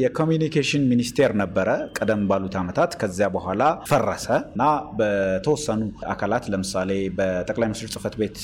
የኮሚኒኬሽን ሚኒስቴር ነበረ ቀደም ባሉት ዓመታት። ከዚያ በኋላ ፈረሰ እና በተወሰኑ አካላት ለምሳሌ በጠቅላይ ሚኒስትር ጽህፈት ቤት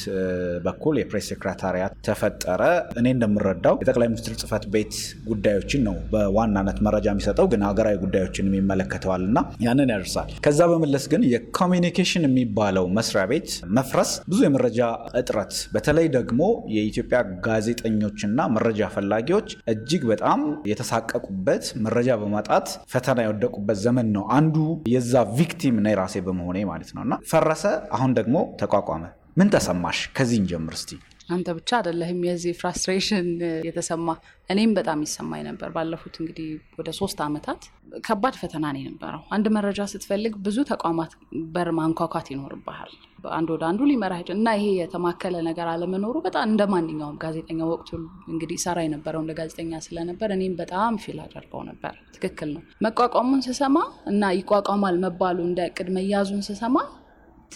በኩል የፕሬስ ሴክሬታሪያት ተፈጠረ። እኔ እንደምረዳው የጠቅላይ ሚኒስትር ጽህፈት ቤት ጉዳዮችን ነው በዋናነት መረጃ የሚሰጠው፣ ግን ሀገራዊ ጉዳዮችን የሚመለከተዋል እና ያንን ያደርሳል። ከዛ በመለስ ግን የኮሚኒኬሽን የሚባለው መስሪያ ቤት መፍረስ ብዙ የመረጃ እጥረት በተለይ ደግሞ የኢትዮጵያ ጋዜጠኞችና መረጃ ፈላጊዎች እጅግ በጣም የተሳቀቁ የወደቁበት መረጃ በማጣት ፈተና የወደቁበት ዘመን ነው። አንዱ የዛ ቪክቲም ነኝ ራሴ በመሆኔ ማለት ነው። እና ፈረሰ፣ አሁን ደግሞ ተቋቋመ። ምን ተሰማሽ? ከዚህ ጀምር እስቲ። አንተ ብቻ አደለህም የዚህ ፍራስትሬሽን የተሰማ እኔም በጣም ይሰማኝ ነበር። ባለፉት እንግዲህ ወደ ሶስት አመታት ከባድ ፈተና ነው የነበረው። አንድ መረጃ ስትፈልግ ብዙ ተቋማት በር ማንኳኳት ይኖርብሃል። አንድ ወደ አንዱ ሊመራህ እና ይሄ የተማከለ ነገር አለመኖሩ በጣም እንደ ማንኛውም ጋዜጠኛ ወቅቱ እንግዲህ ሰራ የነበረውን ለጋዜጠኛ ስለነበር እኔም በጣም ፊል አደርገው ነበር። ትክክል ነው። መቋቋሙን ስሰማ እና ይቋቋማል መባሉ እንደ ቅድመ ያዙን ስሰማ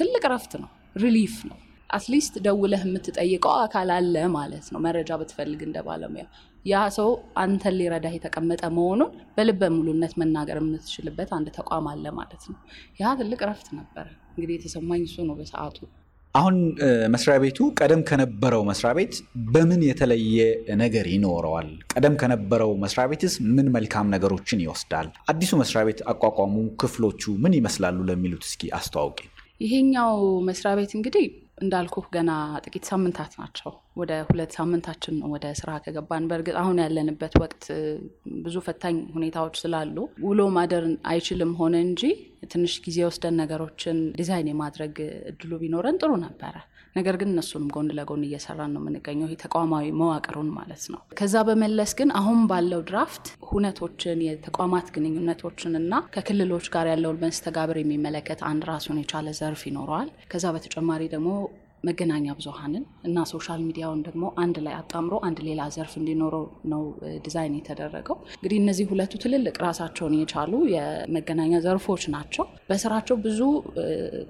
ትልቅ ረፍት ነው፣ ሪሊፍ ነው። አትሊስት ደውለህ የምትጠይቀው አካል አለ ማለት ነው። መረጃ ብትፈልግ እንደ ባለሙያ ያ ሰው አንተን ሊረዳህ የተቀመጠ መሆኑን በልበ ሙሉነት መናገር የምትችልበት አንድ ተቋም አለ ማለት ነው። ያ ትልቅ ረፍት ነበረ። እንግዲህ የተሰማኝ እሱ ነው በሰዓቱ። አሁን መስሪያ ቤቱ ቀደም ከነበረው መስሪያ ቤት በምን የተለየ ነገር ይኖረዋል? ቀደም ከነበረው መስሪያ ቤትስ ምን መልካም ነገሮችን ይወስዳል? አዲሱ መስሪያ ቤት አቋቋሙ፣ ክፍሎቹ ምን ይመስላሉ ለሚሉት እስኪ አስተዋውቂ። ይሄኛው መስሪያ ቤት እንግዲህ እንዳልኩ ገና ጥቂት ሳምንታት ናቸው። ወደ ሁለት ሳምንታችን ነው ወደ ስራ ከገባን። በእርግጥ አሁን ያለንበት ወቅት ብዙ ፈታኝ ሁኔታዎች ስላሉ ውሎ ማደር አይችልም ሆነ እንጂ ትንሽ ጊዜ ወስደን ነገሮችን ዲዛይን የማድረግ እድሉ ቢኖረን ጥሩ ነበረ። ነገር ግን እነሱንም ጎን ለጎን እየሰራን ነው የምንገኘው፣ ይህ ተቋማዊ መዋቅሩን ማለት ነው። ከዛ በመለስ ግን አሁን ባለው ድራፍት ሁነቶችን፣ የተቋማት ግንኙነቶችን እና ከክልሎች ጋር ያለውን መስተጋብር የሚመለከት አንድ ራሱን የቻለ ዘርፍ ይኖረዋል። ከዛ በተጨማሪ ደግሞ መገናኛ ብዙሃንን እና ሶሻል ሚዲያውን ደግሞ አንድ ላይ አጣምሮ አንድ ሌላ ዘርፍ እንዲኖረው ነው ዲዛይን የተደረገው። እንግዲህ እነዚህ ሁለቱ ትልልቅ ራሳቸውን የቻሉ የመገናኛ ዘርፎች ናቸው። በስራቸው ብዙ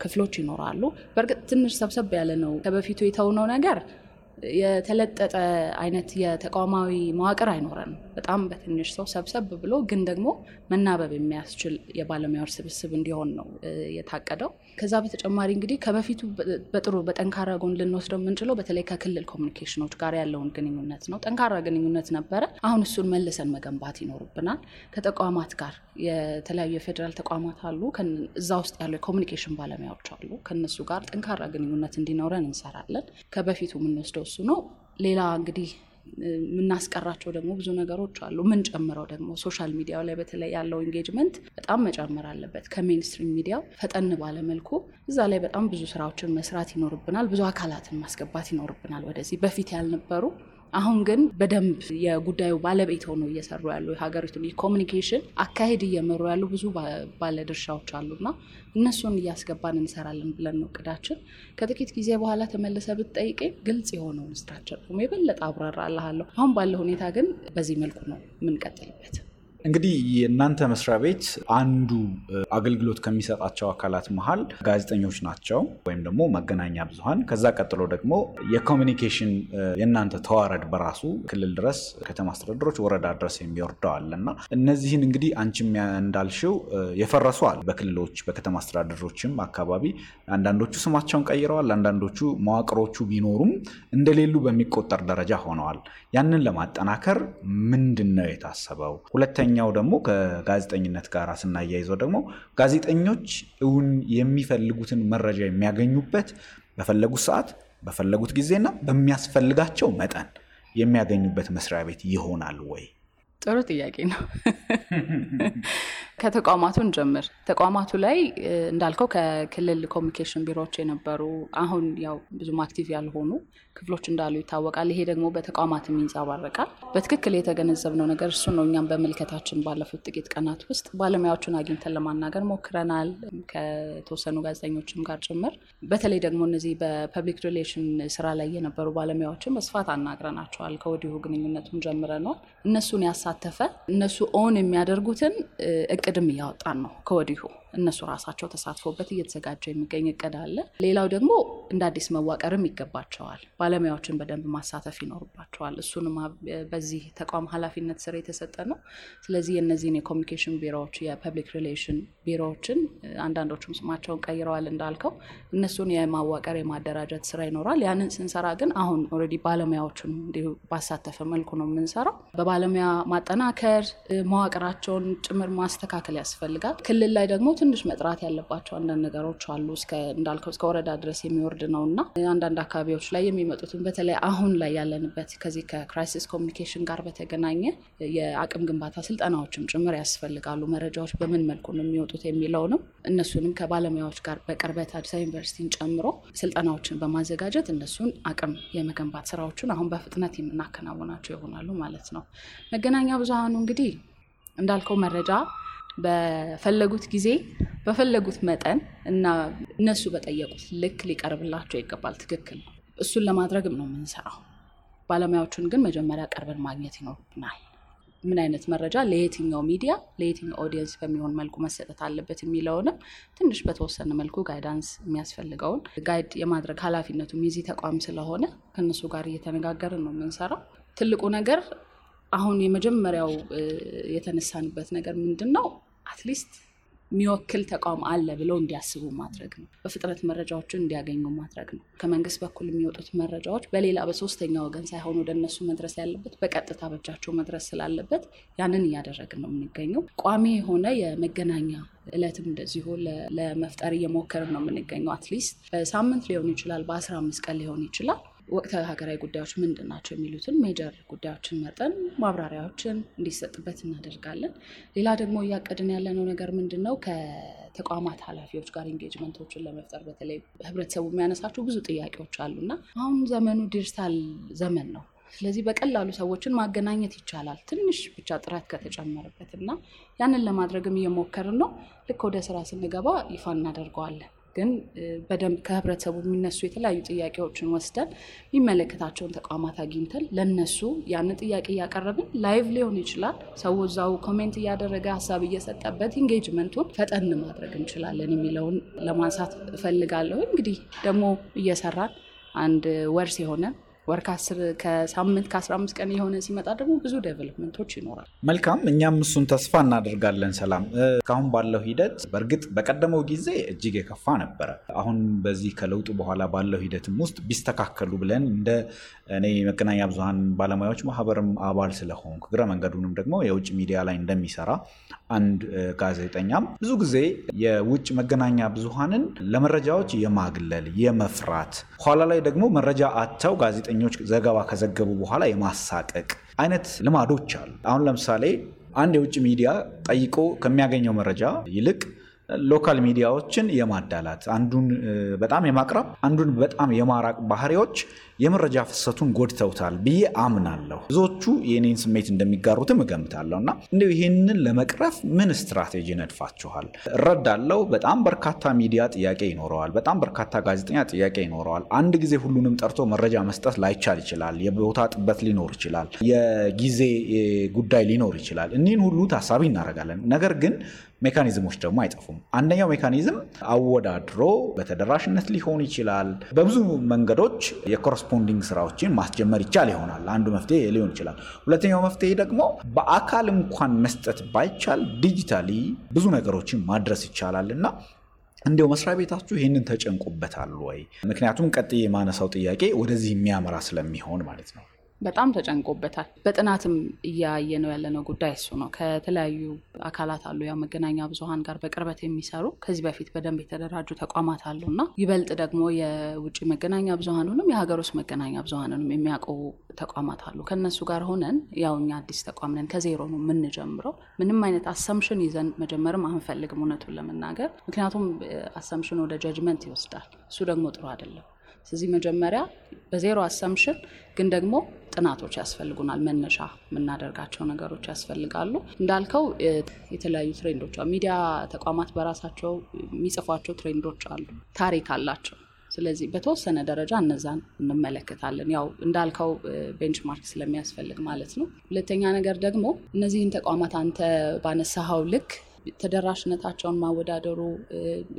ክፍሎች ይኖራሉ። በእርግጥ ትንሽ ሰብሰብ ያለ ነው ከበፊቱ የተውነው ነገር የተለጠጠ አይነት የተቋማዊ መዋቅር አይኖረን በጣም በትንሽ ሰው ሰብሰብ ብሎ ግን ደግሞ መናበብ የሚያስችል የባለሙያዎች ስብስብ እንዲሆን ነው የታቀደው። ከዛ በተጨማሪ እንግዲህ ከበፊቱ በጥሩ በጠንካራ ጎን ልንወስደው የምንችለው በተለይ ከክልል ኮሚኒኬሽኖች ጋር ያለውን ግንኙነት ነው። ጠንካራ ግንኙነት ነበረ። አሁን እሱን መልሰን መገንባት ይኖርብናል። ከተቋማት ጋር የተለያዩ የፌዴራል ተቋማት አሉ። እዛ ውስጥ ያሉ የኮሚኒኬሽን ባለሙያዎች አሉ። ከነሱ ጋር ጠንካራ ግንኙነት እንዲኖረን እንሰራለን። ከበፊቱ የምንወስደው ያልኳቸው እሱ ነው። ሌላ እንግዲህ የምናስቀራቸው ደግሞ ብዙ ነገሮች አሉ። ጨምረው ደግሞ ሶሻል ሚዲያው ላይ በተለይ ያለው ኢንጌጅመንት በጣም መጨመር አለበት። ከሜንስትሪም ሚዲያው ፈጠን ባለመልኩ እዛ ላይ በጣም ብዙ ስራዎችን መስራት ይኖርብናል። ብዙ አካላትን ማስገባት ይኖርብናል። ወደዚህ በፊት ያልነበሩ አሁን ግን በደንብ የጉዳዩ ባለቤት ሆኖ እየሰሩ ያሉ የሀገሪቱን የኮሚኒኬሽን አካሄድ እየመሩ ያሉ ብዙ ባለድርሻዎች ና እነሱን እያስገባን እንሰራለን ብለን ነው እቅዳችን። ከጥቂት ጊዜ በኋላ ተመልሰ ብትጠይቀኝ ግልጽ የሆነውን ስትራክቸር ደግሞ የበለጠ አብራራልሃለሁ። አሁን ባለ ሁኔታ ግን በዚህ መልኩ ነው የምንቀጥልበት። እንግዲህ የእናንተ መስሪያ ቤት አንዱ አገልግሎት ከሚሰጣቸው አካላት መሀል ጋዜጠኞች ናቸው ወይም ደግሞ መገናኛ ብዙሀን ከዛ ቀጥሎ ደግሞ የኮሚኒኬሽን የእናንተ ተዋረድ በራሱ ክልል ድረስ ከተማ አስተዳደሮች ወረዳ ድረስ የሚወርደዋል እና እነዚህን እንግዲህ አንቺም እንዳልሽው የፈረሱ አሉ በክልሎች በከተማ አስተዳደሮችም አካባቢ አንዳንዶቹ ስማቸውን ቀይረዋል። አንዳንዶቹ መዋቅሮቹ ቢኖሩም እንደሌሉ በሚቆጠር ደረጃ ሆነዋል። ያንን ለማጠናከር ምንድን ነው የታሰበው? ሁለተኛ ሁለተኛው ደግሞ ከጋዜጠኝነት ጋር ስናያይዘው ደግሞ ጋዜጠኞች እውን የሚፈልጉትን መረጃ የሚያገኙበት በፈለጉት ሰዓት በፈለጉት ጊዜና በሚያስፈልጋቸው መጠን የሚያገኙበት መስሪያ ቤት ይሆናል ወይ ጥሩ ጥያቄ ነው። ከተቋማቱን ጀምር ተቋማቱ ላይ እንዳልከው ከክልል ኮሚኒኬሽን ቢሮዎች የነበሩ አሁን ያው ብዙም አክቲቭ ያልሆኑ ክፍሎች እንዳሉ ይታወቃል። ይሄ ደግሞ በተቋማትም ይንጸባረቃል። በትክክል የተገነዘብነው ነገር እሱ ነው። እኛም በመልከታችን ባለፉት ጥቂት ቀናት ውስጥ ባለሙያዎቹን አግኝተን ለማናገር ሞክረናል፣ ከተወሰኑ ጋዜጠኞችም ጋር ጭምር። በተለይ ደግሞ እነዚህ በፐብሊክ ሪሌሽን ስራ ላይ የነበሩ ባለሙያዎችን በስፋት አናግረናቸዋል። ከወዲሁ ግንኙነቱን ነው። እነሱን ያሳተፈ እነሱ ኦን የሚያደርጉትን እቅድም እያወጣን ነው ከወዲሁ። እነሱ ራሳቸው ተሳትፎበት እየተዘጋጀ የሚገኝ እቅድ አለ። ሌላው ደግሞ እንደ አዲስ መዋቀርም ይገባቸዋል። ባለሙያዎችን በደንብ ማሳተፍ ይኖርባቸዋል። እሱንም በዚህ ተቋም ኃላፊነት ስር የተሰጠ ነው። ስለዚህ የእነዚህን የኮሚኒኬሽን ቢሮዎች፣ የፐብሊክ ሪሌሽን ቢሮዎችን አንዳንዶቹም ስማቸውን ቀይረዋል እንዳልከው፣ እነሱን የማዋቀር የማደራጀት ስራ ይኖራል። ያንን ስንሰራ ግን አሁን ኦልሬዲ ባለሙያዎቹን እንዲሁ ባሳተፈ መልኩ ነው የምንሰራው። በባለሙያ ማጠናከር መዋቅራቸውን ጭምር ማስተካከል ያስፈልጋል። ክልል ላይ ደግሞ ትንሽ መጥራት ያለባቸው አንዳንድ ነገሮች አሉ። እንዳልከው እስከ ወረዳ ድረስ የሚወርድ ነው እና አንዳንድ አካባቢዎች ላይ የሚመጡትን በተለይ አሁን ላይ ያለንበት ከዚህ ከክራይሲስ ኮሚኒኬሽን ጋር በተገናኘ የአቅም ግንባታ ስልጠናዎችም ጭምር ያስፈልጋሉ። መረጃዎች በምን መልኩ ነው የሚወጡት የሚለውንም እነሱንም ከባለሙያዎች ጋር በቅርበት አዲስ አበባ ዩኒቨርሲቲን ጨምሮ ስልጠናዎችን በማዘጋጀት እነሱን አቅም የመገንባት ስራዎችን አሁን በፍጥነት የምናከናውናቸው ይሆናሉ ማለት ነው። መገናኛ ብዙሃኑ እንግዲህ እንዳልከው መረጃ በፈለጉት ጊዜ በፈለጉት መጠን እና እነሱ በጠየቁት ልክ ሊቀርብላቸው ይገባል። ትክክል ነው። እሱን ለማድረግም ነው የምንሰራው። ባለሙያዎቹን ግን መጀመሪያ ቀርበን ማግኘት ይኖርብናል። ምን አይነት መረጃ ለየትኛው ሚዲያ ለየትኛው ኦዲየንስ በሚሆን መልኩ መሰጠት አለበት የሚለውንም ትንሽ በተወሰነ መልኩ ጋይዳንስ የሚያስፈልገውን ጋይድ የማድረግ ኃላፊነቱም የዚህ ተቋም ስለሆነ ከእነሱ ጋር እየተነጋገርን ነው የምንሰራው። ትልቁ ነገር አሁን የመጀመሪያው የተነሳንበት ነገር ምንድን ነው? አትሊስት የሚወክል ተቋም አለ ብለው እንዲያስቡ ማድረግ ነው። በፍጥነት መረጃዎችን እንዲያገኙ ማድረግ ነው። ከመንግስት በኩል የሚወጡት መረጃዎች በሌላ በሶስተኛ ወገን ሳይሆን ወደ እነሱ መድረስ ያለበት በቀጥታ በእጃቸው መድረስ ስላለበት ያንን እያደረግን ነው የምንገኘው። ቋሚ የሆነ የመገናኛ እለትም እንደዚሁ ለመፍጠር እየሞከርን ነው የምንገኘው። አትሊስት በሳምንት ሊሆን ይችላል፣ በአስራ አምስት ቀን ሊሆን ይችላል ወቅታዊ ሀገራዊ ጉዳዮች ምንድን ናቸው የሚሉትን ሜጀር ጉዳዮችን መርጠን ማብራሪያዎችን እንዲሰጥበት እናደርጋለን። ሌላ ደግሞ እያቀድን ያለነው ነገር ምንድን ነው ከተቋማት ኃላፊዎች ጋር ኢንጌጅመንቶችን ለመፍጠር በተለይ ህብረተሰቡ የሚያነሳቸው ብዙ ጥያቄዎች አሉና አሁን ዘመኑ ዲጂታል ዘመን ነው። ስለዚህ በቀላሉ ሰዎችን ማገናኘት ይቻላል፣ ትንሽ ብቻ ጥረት ከተጨመረበት እና ያንን ለማድረግም እየሞከርን ነው። ልክ ወደ ስራ ስንገባ ይፋ እናደርገዋለን። ግን በደንብ ከህብረተሰቡ የሚነሱ የተለያዩ ጥያቄዎችን ወስደን የሚመለከታቸውን ተቋማት አግኝተን ለነሱ ያንን ጥያቄ እያቀረብን ላይቭ ሊሆን ይችላል። ሰው እዛው ኮሜንት እያደረገ ሀሳብ እየሰጠበት ኢንጌጅመንቱን ፈጠን ማድረግ እንችላለን የሚለውን ለማንሳት እፈልጋለሁ። እንግዲህ ደግሞ እየሰራን አንድ ወርስ የሆነ ወር ከሳምንት ከአስራ አምስት ቀን የሆነ ሲመጣ ደግሞ ብዙ ዴቨሎፕመንቶች ይኖራል። መልካም፣ እኛም እሱን ተስፋ እናደርጋለን። ሰላም፣ እስካሁን ባለው ሂደት በእርግጥ በቀደመው ጊዜ እጅግ የከፋ ነበረ። አሁን በዚህ ከለውጡ በኋላ ባለው ሂደትም ውስጥ ቢስተካከሉ ብለን እንደ እኔ መገናኛ ብዙሃን ባለሙያዎች ማህበርም አባል ስለሆንኩ እግረ መንገዱንም ደግሞ የውጭ ሚዲያ ላይ እንደሚሰራ አንድ ጋዜጠኛም ብዙ ጊዜ የውጭ መገናኛ ብዙሃንን ለመረጃዎች የማግለል የመፍራት ኋላ ላይ ደግሞ መረጃ አጥተው ጋዜጠኞች ዘገባ ከዘገቡ በኋላ የማሳቀቅ አይነት ልማዶች አሉ። አሁን ለምሳሌ አንድ የውጭ ሚዲያ ጠይቆ ከሚያገኘው መረጃ ይልቅ ሎካል ሚዲያዎችን የማዳላት አንዱን በጣም የማቅረብ አንዱን በጣም የማራቅ ባህሪዎች የመረጃ ፍሰቱን ጎድተውታል ብዬ አምናለሁ። ብዙዎቹ የኔን ስሜት እንደሚጋሩትም እገምታለሁ። እና እንዲሁ ይህንን ለመቅረፍ ምን ስትራቴጂ ነድፋችኋል? እረዳለሁ፣ በጣም በርካታ ሚዲያ ጥያቄ ይኖረዋል፣ በጣም በርካታ ጋዜጠኛ ጥያቄ ይኖረዋል። አንድ ጊዜ ሁሉንም ጠርቶ መረጃ መስጠት ላይቻል ይችላል። የቦታ ጥበት ሊኖር ይችላል፣ የጊዜ ጉዳይ ሊኖር ይችላል። እኒህን ሁሉ ታሳቢ እናደርጋለን። ነገር ግን ሜካኒዝሞች ደግሞ አይጠፉም። አንደኛው ሜካኒዝም አወዳድሮ በተደራሽነት ሊሆን ይችላል። በብዙ መንገዶች የኮረስፖንዲንግ ስራዎችን ማስጀመር ይቻል ይሆናል። አንዱ መፍትሄ ሊሆን ይችላል። ሁለተኛው መፍትሄ ደግሞ በአካል እንኳን መስጠት ባይቻል ዲጂታሊ ብዙ ነገሮችን ማድረስ ይቻላል እና እንዲው መስሪያ ቤታችሁ ይህንን ተጨንቁበታል ወይ? ምክንያቱም ቀጥዬ የማነሳው ጥያቄ ወደዚህ የሚያመራ ስለሚሆን ማለት ነው። በጣም ተጨንቆበታል። በጥናትም እያየ ነው ያለነው ጉዳይ እሱ ነው። ከተለያዩ አካላት አሉ፣ ያው መገናኛ ብዙኃን ጋር በቅርበት የሚሰሩ ከዚህ በፊት በደንብ የተደራጁ ተቋማት አሉ እና ይበልጥ ደግሞ የውጭ መገናኛ ብዙኃኑንም የሀገር ውስጥ መገናኛ ብዙኃኑንም የሚያውቁ ተቋማት አሉ። ከእነሱ ጋር ሆነን ያው እኛ አዲስ ተቋም ነን፣ ከዜሮ ነው የምንጀምረው። ምንም አይነት አሰምሽን ይዘን መጀመርም አንፈልግም እውነቱን ለመናገር ምክንያቱም አሰምሽን ወደ ጀጅመንት ይወስዳል። እሱ ደግሞ ጥሩ አይደለም። ስለዚህ መጀመሪያ በዜሮ አሰምሽን ግን ደግሞ ጥናቶች ያስፈልጉናል። መነሻ የምናደርጋቸው ነገሮች ያስፈልጋሉ። እንዳልከው የተለያዩ ትሬንዶች ሚዲያ ተቋማት በራሳቸው የሚጽፏቸው ትሬንዶች አሉ፣ ታሪክ አላቸው። ስለዚህ በተወሰነ ደረጃ እነዛን እንመለከታለን። ያው እንዳልከው ቤንችማርክ ስለሚያስፈልግ ማለት ነው። ሁለተኛ ነገር ደግሞ እነዚህን ተቋማት አንተ ባነሳኸው ልክ ተደራሽነታቸውን ማወዳደሩ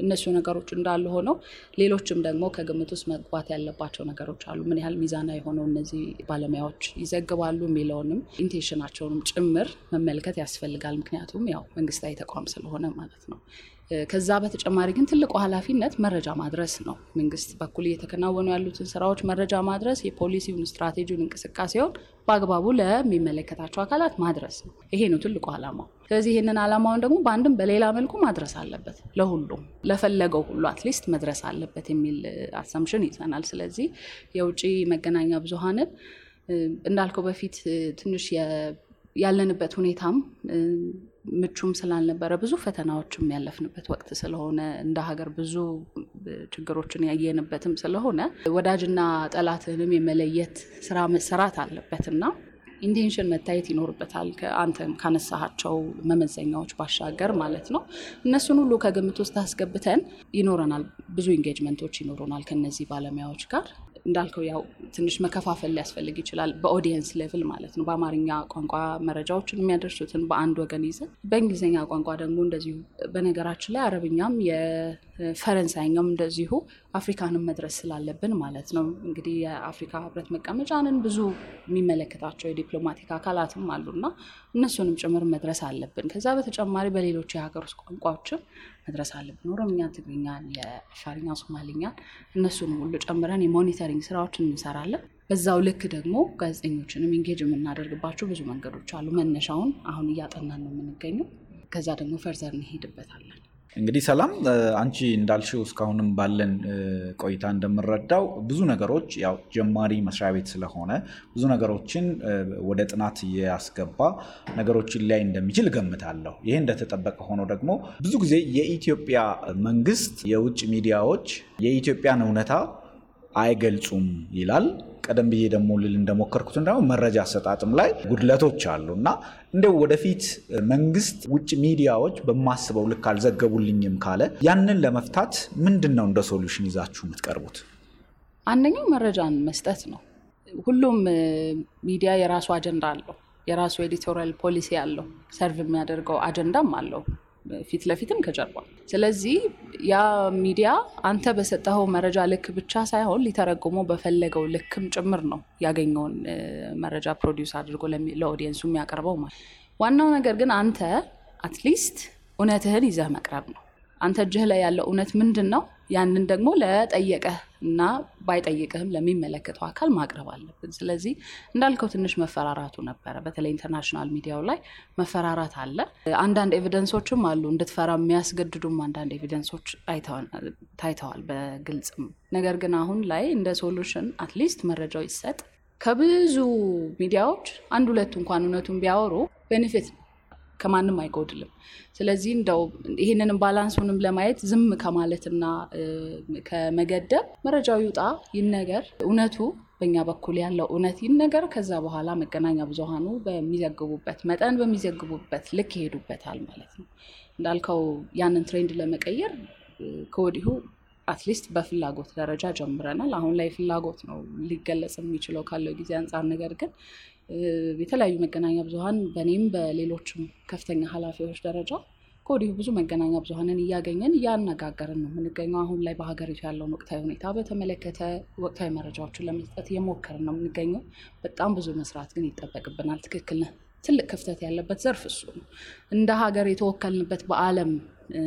እነሱ ነገሮች እንዳሉ ሆነው ሌሎችም ደግሞ ከግምት ውስጥ መግባት ያለባቸው ነገሮች አሉ። ምን ያህል ሚዛና የሆነው እነዚህ ባለሙያዎች ይዘግባሉ የሚለውንም ኢንቴንሽናቸውንም ጭምር መመልከት ያስፈልጋል። ምክንያቱም ያው መንግስታዊ ተቋም ስለሆነ ማለት ነው። ከዛ በተጨማሪ ግን ትልቁ ኃላፊነት መረጃ ማድረስ ነው። መንግስት በኩል እየተከናወኑ ያሉትን ስራዎች መረጃ ማድረስ፣ የፖሊሲውን ስትራቴጂውን፣ እንቅስቃሴውን በአግባቡ ለሚመለከታቸው አካላት ማድረስ ነው። ይሄ ነው ትልቁ ዓላማው። ስለዚህ ይህንን ዓላማውን ደግሞ በአንድም በሌላ መልኩ ማድረስ አለበት፣ ለሁሉም ለፈለገው ሁሉ አትሊስት መድረስ አለበት የሚል አሳምሽን ይዘናል። ስለዚህ የውጭ መገናኛ ብዙሀንን እንዳልከው በፊት ትንሽ ያለንበት ሁኔታም ምቹም ስላልነበረ ብዙ ፈተናዎችም ያለፍንበት ወቅት ስለሆነ እንደ ሀገር ብዙ ችግሮችን ያየንበትም ስለሆነ ወዳጅና ጠላትንም የመለየት ስራ መሰራት አለበት እና ኢንቴንሽን መታየት ይኖርበታል። አንተም ካነሳሃቸው መመዘኛዎች ባሻገር ማለት ነው። እነሱን ሁሉ ከግምት ውስጥ አስገብተን ይኖረናል፣ ብዙ ኢንጌጅመንቶች ይኖሩናል ከነዚህ ባለሙያዎች ጋር እንዳልከው ያው ትንሽ መከፋፈል ሊያስፈልግ ይችላል። በኦዲየንስ ሌቭል ማለት ነው። በአማርኛ ቋንቋ መረጃዎችን የሚያደርሱትን በአንድ ወገን ይዘ በእንግሊዝኛ ቋንቋ ደግሞ እንደዚሁ። በነገራችን ላይ አረብኛም ፈረንሳይኛውም እንደዚሁ አፍሪካንም መድረስ ስላለብን ማለት ነው። እንግዲህ የአፍሪካ ህብረት መቀመጫንን ብዙ የሚመለከታቸው የዲፕሎማቲክ አካላትም አሉና እነሱንም ጭምር መድረስ አለብን። ከዛ በተጨማሪ በሌሎች የሀገር ውስጥ ቋንቋዎችም መድረስ አለብን። ኦሮምኛን፣ ትግርኛን፣ የአፋርኛ፣ ሶማሊኛን እነሱንም ሁሉ ጨምረን የሞኒተሪንግ ስራዎችን እንሰራለን። በዛው ልክ ደግሞ ጋዜጠኞችንም ኢንጌጅ የምናደርግባቸው ብዙ መንገዶች አሉ። መነሻውን አሁን እያጠናን ነው የምንገኘው። ከዛ ደግሞ ፈርዘር እንሄድበታለን። እንግዲህ ሰላም፣ አንቺ እንዳልሽው እስካሁንም ባለን ቆይታ እንደምረዳው ብዙ ነገሮች ያው ጀማሪ መስሪያ ቤት ስለሆነ ብዙ ነገሮችን ወደ ጥናት እያስገባ ነገሮችን ላይ እንደሚችል ገምታለሁ ይሄ እንደተጠበቀ ሆኖ ደግሞ ብዙ ጊዜ የኢትዮጵያ መንግስት የውጭ ሚዲያዎች የኢትዮጵያን እውነታ አይገልጹም ይላል። ቀደም ብዬ ደግሞ ልል እንደሞከርኩት ደግሞ መረጃ አሰጣጥም ላይ ጉድለቶች አሉ እና እንደው ወደፊት መንግስት ውጭ ሚዲያዎች በማስበው ልክ አልዘገቡልኝም ካለ ያንን ለመፍታት ምንድን ነው እንደ ሶሉሽን ይዛችሁ የምትቀርቡት? አንደኛው መረጃን መስጠት ነው። ሁሉም ሚዲያ የራሱ አጀንዳ አለው፣ የራሱ ኤዲቶሪያል ፖሊሲ አለው፣ ሰርቭ የሚያደርገው አጀንዳም አለው። ፊት ለፊትም ከጀርባ። ስለዚህ ያ ሚዲያ አንተ በሰጠኸው መረጃ ልክ ብቻ ሳይሆን ሊተረጉሞ በፈለገው ልክም ጭምር ነው ያገኘውን መረጃ ፕሮዲውስ አድርጎ ለኦዲየንሱ የሚያቀርበው ማለት። ዋናው ነገር ግን አንተ አትሊስት እውነትህን ይዘህ መቅረብ ነው። አንተ እጅህ ላይ ያለው እውነት ምንድን ነው? ያንን ደግሞ ለጠየቀህ እና ባይጠይቅህም ለሚመለከተው አካል ማቅረብ አለብን። ስለዚህ እንዳልከው ትንሽ መፈራራቱ ነበረ። በተለይ ኢንተርናሽናል ሚዲያው ላይ መፈራራት አለ። አንዳንድ ኤቪደንሶችም አሉ እንድትፈራ የሚያስገድዱም አንዳንድ ኤቪደንሶች ታይተዋል በግልጽም። ነገር ግን አሁን ላይ እንደ ሶሉሽን አትሊስት መረጃው ይሰጥ። ከብዙ ሚዲያዎች አንድ ሁለቱ እንኳን እውነቱን ቢያወሩ ቤኔፊት ነው ከማንም አይጎድልም። ስለዚህ እንደው ይህንንም ባላንሱንም ለማየት ዝም ከማለትና ከመገደብ መረጃው ይውጣ ይነገር፣ እውነቱ በኛ በኩል ያለው እውነት ይነገር። ከዛ በኋላ መገናኛ ብዙሃኑ በሚዘግቡበት መጠን በሚዘግቡበት ልክ ይሄዱበታል ማለት ነው። እንዳልከው ያንን ትሬንድ ለመቀየር ከወዲሁ አትሊስት በፍላጎት ደረጃ ጀምረናል። አሁን ላይ ፍላጎት ነው ሊገለጽ የሚችለው ካለው ጊዜ አንጻር። ነገር ግን የተለያዩ መገናኛ ብዙሀን በእኔም በሌሎችም ከፍተኛ ኃላፊዎች ደረጃ ከወዲሁ ብዙ መገናኛ ብዙሀንን እያገኘን እያነጋገርን ነው የምንገኘው። አሁን ላይ በሀገሪቱ ያለውን ወቅታዊ ሁኔታ በተመለከተ ወቅታዊ መረጃዎችን ለመስጠት እየሞከርን ነው የምንገኘው። በጣም ብዙ መስራት ግን ይጠበቅብናል። ትክክል ነህ። ትልቅ ክፍተት ያለበት ዘርፍ እሱ ነው። እንደ ሀገር የተወከልንበት በዓለም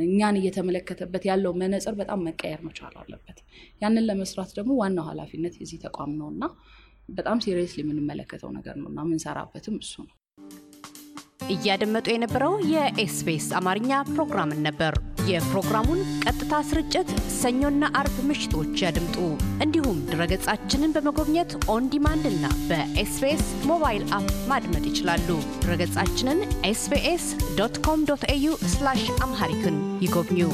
እኛን እየተመለከተበት ያለው መነጽር በጣም መቀየር መቻል አለበት። ያንን ለመስራት ደግሞ ዋናው ኃላፊነት የዚህ ተቋም ነው እና በጣም ሲሪየስሊ የምንመለከተው ነገር ነው እና የምንሰራበትም እሱ ነው። እያደመጡ የነበረው የኤስቢኤስ አማርኛ ፕሮግራምን ነበር። የፕሮግራሙን ቀጥታ ስርጭት ሰኞና አርብ ምሽቶች ያድምጡ። እንዲሁም ድረገጻችንን በመጎብኘት ኦን ዲማንድ እና በኤስቢኤስ ሞባይል አፕ ማድመጥ ይችላሉ። ድረገጻችንን ኤስቢኤስ ዶት ኮም ዶት ኤዩ አምሃሪክን ይጎብኙ።